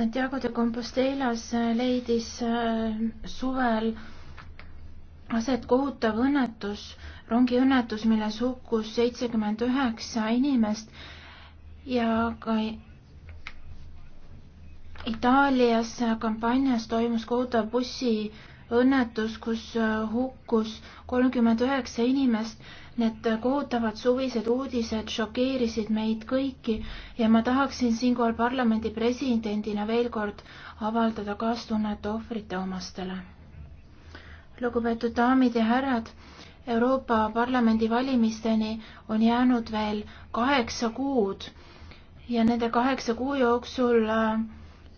Santiago de Compostelas äh, leidis äh, suvel aset kohutav õnnetus, rongiõnnetus, milles hukkus seitsekümmend üheksa inimest ja ka Itaalias kampaanias toimus kohutav bussi õnnetus, kus äh, hukkus kolmkümmend üheksa inimest. Need kohutavad suvised uudised šokeerisid meid kõiki ja ma tahaksin siinkohal parlamendi presidendina veel kord avaldada kaastunnet ohvrite omastele. lugupeetud daamid ja härrad, Euroopa Parlamendi valimisteni on jäänud veel kaheksa kuud ja nende kaheksa kuu jooksul äh,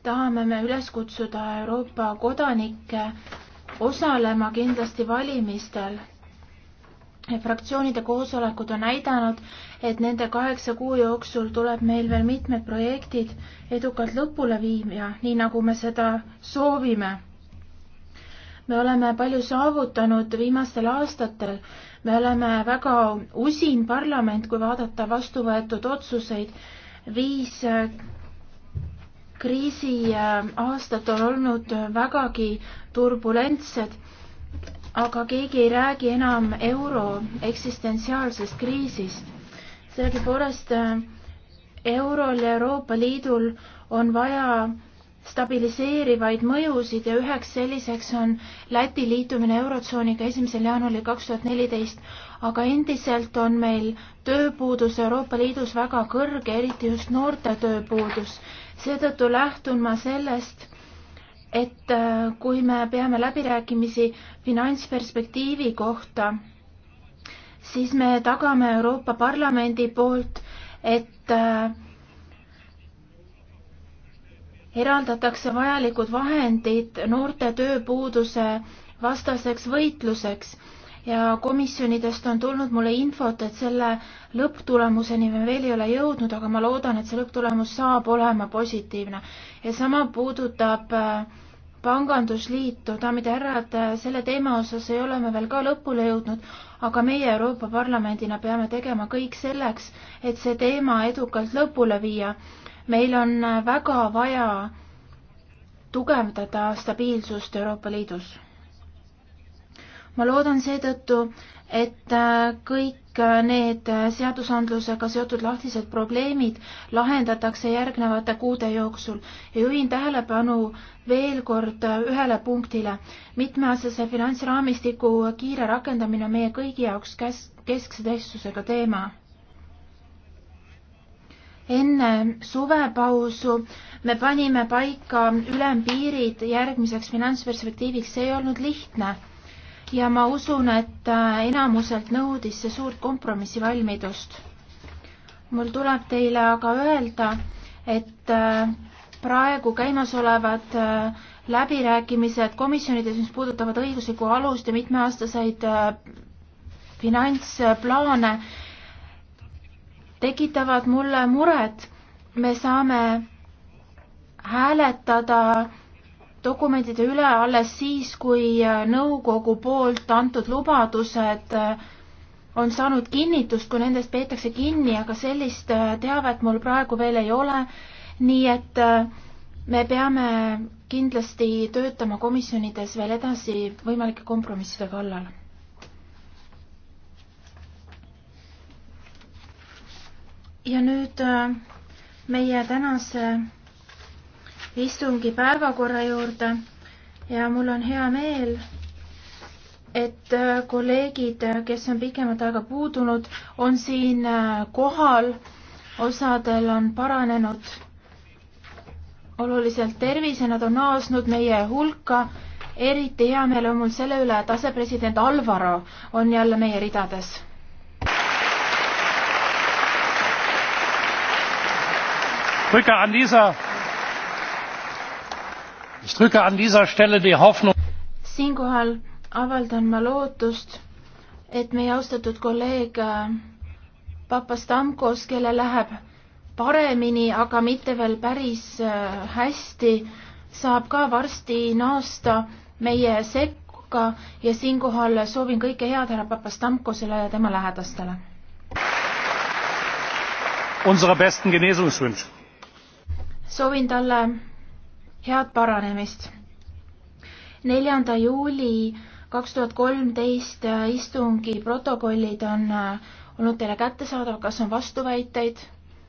tahame me üles kutsuda Euroopa kodanikke osalema kindlasti valimistel. fraktsioonide koosolekud on näidanud, et nende kaheksa kuu jooksul tuleb meil veel mitmed projektid edukalt lõpule viia, nii nagu me seda soovime. me oleme palju saavutanud viimastel aastatel, me oleme väga usin parlament, kui vaadata vastu võetud otsuseid, viis kriisiaastad äh, on olnud äh, vägagi turbulentsed, aga keegi ei räägi enam euro eksistentsiaalsest kriisist. sellegipoolest äh, eurol ja Euroopa Liidul on vaja stabiliseerivaid mõjusid ja üheks selliseks on Läti liitumine Eurotsooniga esimesel jaanuaril kaks tuhat neliteist, aga endiselt on meil tööpuudus Euroopa Liidus väga kõrge, eriti just noorte tööpuudus. seetõttu lähtun ma sellest, et äh, kui me peame läbirääkimisi finantsperspektiivi kohta, siis me tagame Euroopa Parlamendi poolt, et äh, eraldatakse vajalikud vahendid noorte tööpuuduse vastaseks võitluseks ja komisjonidest on tulnud mulle infot, et selle lõpptulemuseni me veel ei ole jõudnud, aga ma loodan, et see lõpptulemus saab olema positiivne. ja sama puudutab äh, pangandusliitu, daamid ja härrad, äh, selle teema osas ei ole me veel ka lõpule jõudnud, aga meie Euroopa Parlamendina peame tegema kõik selleks, et see teema edukalt lõpule viia meil on väga vaja tugevdada stabiilsust Euroopa Liidus. ma loodan seetõttu, et äh, kõik äh, need seadusandlusega seotud lahtised probleemid lahendatakse järgnevate kuude jooksul ja juhin tähelepanu veel kord äh, ühele punktile. mitmeaastase finantsraamistiku kiire rakendamine on meie kõigi jaoks kes-, keskse tähtsusega teema enne suvepausu me panime paika ülempiirid järgmiseks finantsperspektiiviks, see ei olnud lihtne. ja ma usun, et enamuselt nõudis see suurt kompromissivalmidust. mul tuleb teile aga öelda, et äh, praegu käimasolevad äh, läbirääkimised komisjonides, mis puudutavad õiguslikku alust ja mitmeaastaseid äh, finantsplaane, tekitavad mulle muret. me saame hääletada dokumentide üle alles siis, kui nõukogu poolt antud lubadused on saanud kinnitust, kui nendest peetakse kinni, aga sellist teavet mul praegu veel ei ole. nii et me peame kindlasti töötama komisjonides veel edasi võimalike kompromisside kallal ja nüüd äh, meie tänase istungi päevakorra juurde ja mul on hea meel, et äh, kolleegid, äh, kes on pikemat aega puudunud, on siin kohal, osadel on paranenud oluliselt tervise, nad on naasnud meie hulka. eriti hea meel on mul selle üle, et asepresident Alvaro on jälle meie ridades siinkohal avaldan ma lootust, et meie austatud kolleeg äh, Papastamkos, kelle läheb paremini, aga mitte veel päris äh, hästi, saab ka varsti naasta meie sekka ja siinkohal soovin kõike head härra Papastamkosele ja tema lähedastele. unsere besten Genesungswünsche soovin talle head paranemist. neljanda juuli kaks tuhat kolmteist äh, istungi protokollid on äh, olnud teile kättesaadav, kas on vastuväiteid?